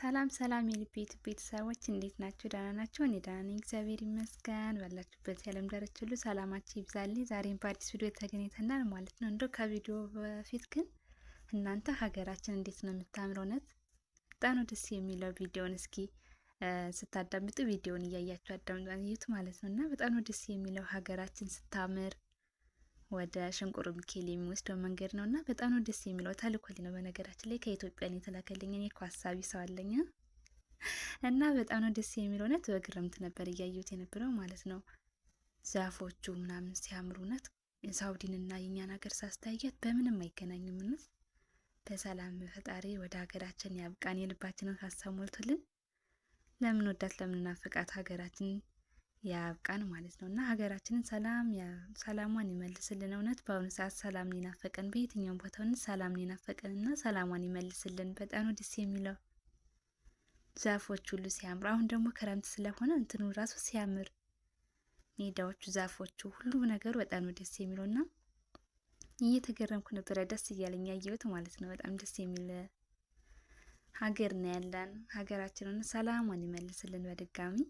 ሰላም ሰላም የልቤት ቤተሰቦች እንዴት ናችሁ? ደህና ናችሁ? እኔ ደህና ነኝ፣ እግዚአብሔር ይመስገን። ባላችሁበት የዓለም ዳርቻ ሁሉ ሰላማችሁ ይብዛልኝ። ዛሬም በአዲስ ቪዲዮ ተገኝተናል ማለት ነው። እንደው ከቪዲዮ በፊት ግን እናንተ ሀገራችን እንዴት ነው የምታምረው? እውነት በጣም ደስ የሚለው። ቪዲዮን እስኪ ስታዳምጡ ቪዲዮን እያያችሁ አዳምጡ ማለት ነው እና በጣም ደስ የሚለው ሀገራችን ስታምር ወደ ሽንቁር ሚካኤል የሚወስደው መንገድ ነው እና በጣም ነው ደስ የሚለው። ተልኮልኝ ነው በነገራችን ላይ ከኢትዮጵያ የተላከልኝ እኔ እኮ ሀሳቢ ሰው አለኝ እና በጣም ነው ደስ የሚለው። እውነት በግርምት ነበር እያየሁት የነበረው ማለት ነው። ዛፎቹ ምናምን ሲያምሩ እውነት ሳውዲን እና የእኛን ሀገር ሳስተያየት በምንም አይገናኝም። እውነት በሰላም ፈጣሪ ወደ ሀገራችን ያብቃን፣ የልባችንን ሀሳብ ሞልቶልን ለምን ወዳት ለምንናፍቃት ሀገራችን ያብቃን ማለት ነው እና ሀገራችንን ሰላም ሰላሟን ይመልስልን። እውነት በአሁኑ ሰዓት ሰላም ሊናፈቀን በየትኛውም ቦታ ሆነን ሰላም ሊናፈቀን እና ሰላሟን ይመልስልን። በጣም ደስ የሚለው ዛፎች ሁሉ ሲያምሩ። አሁን ደግሞ ክረምት ስለሆነ እንትኑ ራሱ ሲያምር ሜዳዎቹ፣ ዛፎቹ፣ ሁሉ ነገሩ በጣም ደስ የሚለው እና እየተገረምኩ ነበረ ደስ እያለኝ ያየሁት ማለት ነው። በጣም ደስ የሚል ሀገር ነው ያለን። ሀገራችንን ሰላሟን ይመልስልን በድጋሚ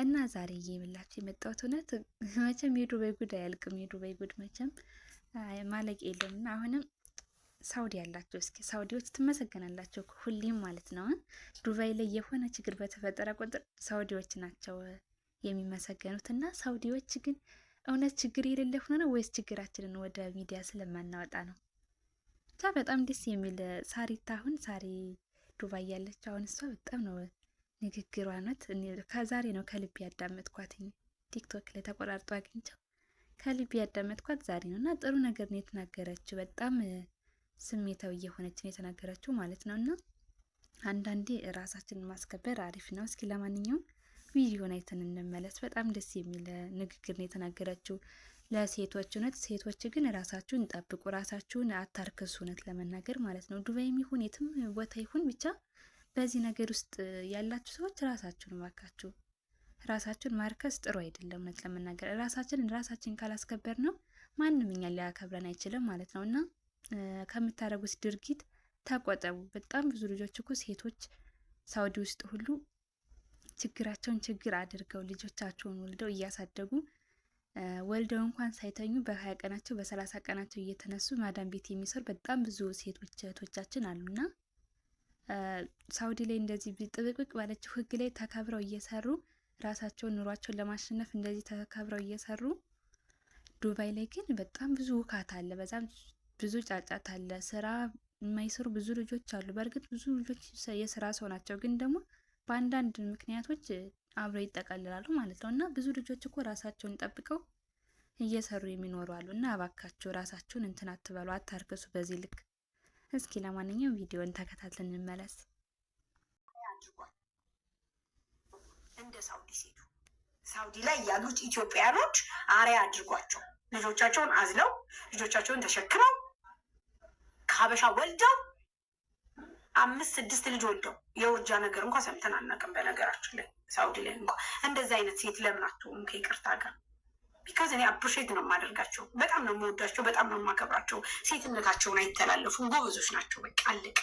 እና ዛሬ እየምላችሁ የመጣሁት እውነት መቼም የዱባይ ጉድ አያልቅም። የዱባይ ጉድ መቼም ማለቅ የለውም እና አሁንም ሳውዲ ያላችሁ እስኪ ሳውዲዎች ትመሰገናላችሁ፣ ሁሌም ማለት ነው። ዱባይ ላይ የሆነ ችግር በተፈጠረ ቁጥር ሳውዲዎች ናቸው የሚመሰገኑት። እና ሳውዲዎች ግን እውነት ችግር የሌለ ሆኖ ነው ወይስ ችግራችንን ወደ ሚዲያ ስለማናወጣ ነው? ብቻ በጣም ደስ የሚል ሳሪታ አሁን ሳሪ ዱባይ ያለች አሁን እሷ በጣም ነው ንግግሯ ነት ከዛሬ ነው ከልብ ያዳመጥኳትኝ ቲክቶክ ላይ ተቆራርጦ አግኝቸው ከልብ ያዳመጥኳት ዛሬ ነው እና ጥሩ ነገር ነው የተናገረችው። በጣም ስሜታዊ እየሆነች ነው የተናገረችው ማለት ነው። እና አንዳንዴ ራሳችንን ማስከበር አሪፍ ነው። እስኪ ለማንኛውም ቪዲዮን አይተን እንመለስ። በጣም ደስ የሚል ንግግር ነው የተናገረችው ለሴቶች እውነት። ሴቶች ግን ራሳችሁን ጠብቁ፣ ራሳችሁን አታርክሱ፣ እውነት ለመናገር ማለት ነው። ዱባይም ይሁን የትም ቦታ ይሁን ብቻ በዚህ ነገር ውስጥ ያላችሁ ሰዎች ራሳችሁን ማርካችሁ ራሳችሁን ማርከስ ጥሩ አይደለም። እውነት ለመናገር ራሳችን ራሳችን ካላስከበር ነው ማንም እኛ ሊያከብረን አይችልም ማለት ነው። እና ከምታደርጉት ድርጊት ተቆጠቡ። በጣም ብዙ ልጆች እኮ ሴቶች ሳውዲ ውስጥ ሁሉ ችግራቸውን ችግር አድርገው ልጆቻቸውን ወልደው እያሳደጉ ወልደው እንኳን ሳይተኙ በሀያ ቀናቸው በሰላሳ ቀናቸው እየተነሱ ማዳም ቤት የሚሰሩ በጣም ብዙ ሴቶች እህቶቻችን አሉና ሳውዲ ላይ እንደዚህ ጥብቅብቅ ባለችው ህግ ላይ ተከብረው እየሰሩ ራሳቸውን ኑሯቸውን ለማሸነፍ እንደዚህ ተከብረው እየሰሩ ዱባይ ላይ ግን በጣም ብዙ ውካት አለ፣ በጣም ብዙ ጫጫት አለ። ስራ የማይሰሩ ብዙ ልጆች አሉ። በእርግጥ ብዙ ልጆች የስራ ሰው ናቸው፣ ግን ደግሞ በአንዳንድ ምክንያቶች አብረው ይጠቀልላሉ ማለት ነው። እና ብዙ ልጆች እኮ ራሳቸውን ጠብቀው እየሰሩ የሚኖሩ አሉ። እና እባካችሁ ራሳችሁን እንትን አትበሉ፣ አታርክሱ በዚህ ልክ። እስኪ ለማንኛውም ቪዲዮን ተከታትለን እንመለስ። እንደ ሳውዲ ሴቱ ሳውዲ ላይ ያሉት ኢትዮጵያኖች አሪያ አድርጓቸው ልጆቻቸውን አዝለው ልጆቻቸውን ተሸክመው ከሀበሻ ወልደው አምስት ስድስት ልጅ ወልደው የውርጃ ነገር እንኳ ሰምተን አናውቅም። በነገራችን ላይ ሳውዲ ላይ እንኳ እንደዚህ አይነት ሴት ለምን አትሆኑም? ከይቅርታ ጋር ቢካዝ እኔ አፕሪሼት ነው የማደርጋቸው። በጣም ነው የምወዳቸው፣ በጣም ነው የማከብራቸው። ሴትነታቸውን አይተላለፉም፣ ጎበዞች ናቸው። በቃ አለቀ።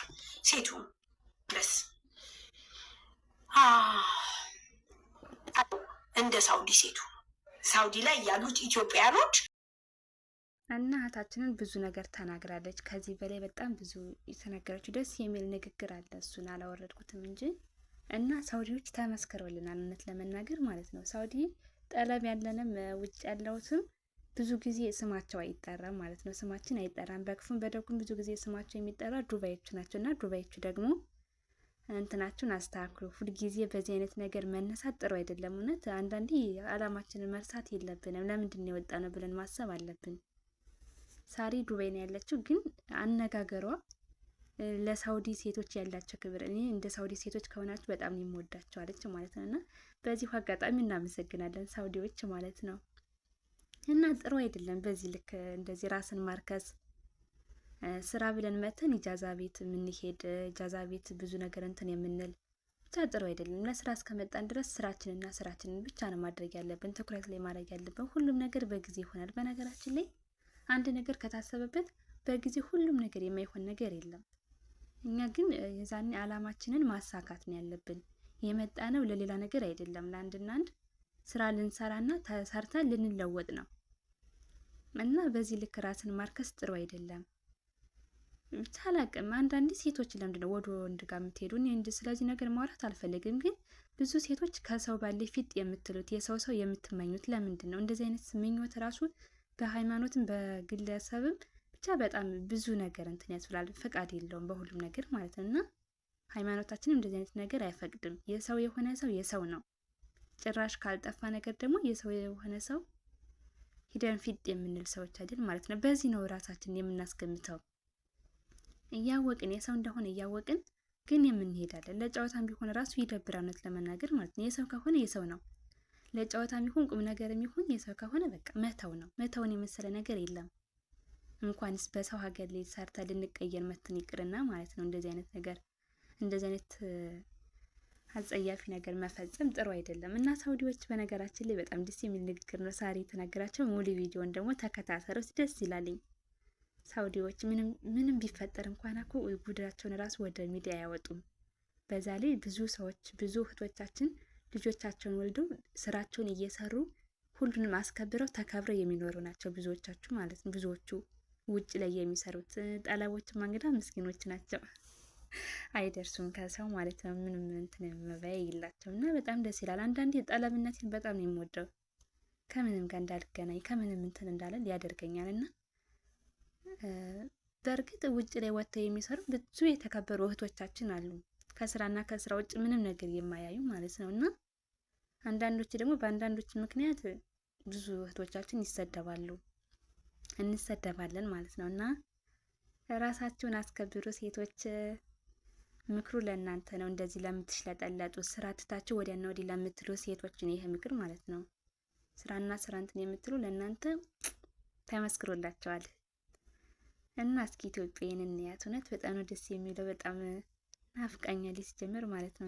ሴቱ ደስ እንደ ሳውዲ ሴቱ ሳውዲ ላይ ያሉት ኢትዮጵያኖች እና እህታችንን ብዙ ነገር ተናግራለች። ከዚህ በላይ በጣም ብዙ የተናገረችው ደስ የሚል ንግግር አለ። እሱን አላወረድኩትም እንጂ እና ሳውዲዎች ተመስክረውልናል፣ እውነት ለመናገር ማለት ነው ሳውዲ ጠለብ ያለንም ውጭ ያለውትም ብዙ ጊዜ ስማቸው አይጠራም ማለት ነው። ስማችን አይጠራም። በክፉም በደጉም ብዙ ጊዜ ስማቸው የሚጠራ ዱባዮቹ ናቸው እና ዱባዮቹ ደግሞ እንትናችሁን አስተካክሉ። ሁልጊዜ በዚህ አይነት ነገር መነሳት ጥሩ አይደለም። እውነት አንዳንዴ አላማችንን መርሳት የለብንም። ለምንድን ነው የወጣ ነው ብለን ማሰብ አለብን። ሳሪ ዱባይ ነው ያለችው፣ ግን አነጋገሯ ለሳውዲ ሴቶች ያላቸው ክብር እኔ እንደ ሳውዲ ሴቶች ከሆናችሁ በጣም የምወዳቸው አለች ማለት ነው። እና በዚሁ አጋጣሚ እናመሰግናለን ሳውዲዎች ማለት ነው። እና ጥሩ አይደለም በዚህ ልክ እንደዚህ ራስን ማርከስ ስራ ብለን መተን ኢጃዛ ቤት የምንሄድ ኢጃዛ ቤት ብዙ ነገር እንትን የምንል ብቻ ጥሩ አይደለም። ለስራ እስከመጣን ድረስ ስራችንና ስራችንን ብቻ ነው ማድረግ ያለብን፣ ትኩረት ላይ ማድረግ ያለብን። ሁሉም ነገር በጊዜ ይሆናል። በነገራችን ላይ አንድ ነገር ከታሰበበት በጊዜ ሁሉም ነገር የማይሆን ነገር የለም። እኛ ግን የዛኔ አላማችንን ማሳካት ነው ያለብን። የመጣ ነው ለሌላ ነገር አይደለም። ለአንድና አንድ ስራ ልንሰራና ተሰርተን ልንለወጥ ነው እና በዚህ ልክ ራስን ማርከስ ጥሩ አይደለም። ታላቅም አላቅም። ሴቶች ለምንድን ነው ወደ ወንድ ጋር የምትሄዱ? እንዲ ስለዚህ ነገር ማውራት አልፈልግም፣ ግን ብዙ ሴቶች ከሰው ባለ ፊት የምትሉት የሰው ሰው የምትመኙት ለምንድን ነው? እንደዚህ አይነት ምኞት ራሱ በሃይማኖትም በግለሰብም ብቻ በጣም ብዙ ነገር እንትን ያስብላል። ፈቃድ የለውም በሁሉም ነገር ማለት ነው። እና ሃይማኖታችንም እንደዚህ አይነት ነገር አይፈቅድም። የሰው የሆነ ሰው የሰው ነው። ጭራሽ ካልጠፋ ነገር ደግሞ የሰው የሆነ ሰው ሂደን ፊት የምንል ሰዎች አይደል ማለት ነው። በዚህ ነው ራሳችን የምናስገምተው። እያወቅን የሰው እንደሆነ እያወቅን ግን የምንሄዳለን። ለጨዋታም ቢሆን ራሱ ይደብር እውነት ለመናገር ማለት ነው። የሰው ከሆነ የሰው ነው። ለጨዋታም ይሁን ቁም ነገርም ይሁን የሰው ከሆነ በቃ መተው ነው። መተውን የመሰለ ነገር የለም። እንኳንስ በሰው ሀገር ላይ ሰርተ ልንቀየር መትን ይቅርና ማለት ነው። እንደዚህ አይነት ነገር እንደዚህ አይነት አጸያፊ ነገር መፈጸም ጥሩ አይደለም እና ሳውዲዎች በነገራችን ላይ በጣም ደስ የሚል ንግግር ነው ሳሪ የተናገራቸው። ሙሉ ቪዲዮን ደግሞ ተከታተሉት፣ ደስ ይላልኝ። ሳውዲዎች ምንም ቢፈጠር እንኳን አኮ ጉድራቸውን ራሱ ወደ ሚዲያ አያወጡም። በዛ ላይ ብዙ ሰዎች ብዙ እህቶቻችን ልጆቻቸውን ወልደው ስራቸውን እየሰሩ ሁሉንም አስከብረው ተከብረው የሚኖሩ ናቸው ብዙዎቻችሁ ማለት ነው ብዙዎቹ ውጭ ላይ የሚሰሩት ጠለቦችማ እንግዳ ምስኪኖች ናቸው። አይደርሱም ከሰው ማለት ነው። ምንም እንትን መበያ የላቸው እና በጣም ደስ ይላል። አንዳንዴ ጠለብነትን በጣም ነው የምወደው። ከምንም ጋር እንዳልገናኝ ከምንም እንትን እንዳለ ያደርገኛል እና በእርግጥ ውጭ ላይ ወጥተው የሚሰሩ ብዙ የተከበሩ እህቶቻችን አሉ። ከስራና ከስራ ውጭ ምንም ነገር የማያዩ ማለት ነው እና አንዳንዶች ደግሞ በአንዳንዶች ምክንያት ብዙ እህቶቻችን ይሰደባሉ። እንሰደባለን ማለት ነው። እና ራሳችሁን አስከብሩ ሴቶች። ምክሩ ለእናንተ ነው። እንደዚህ ለምትሽለጠለጡ ስራ ትታችሁ ወዲያና ወዲህ ለምትሉ ሴቶች ነው ይሄ ምክር ማለት ነው። ስራና ስራ እንትን የምትሉ ለእናንተ ተመስክሮላቸዋል። እና እስኪ ኢትዮጵያን እንያት። እውነት በጣም ነው ደስ የሚለው። በጣም ናፍቃኛለች ሲጀምር ማለት ነው።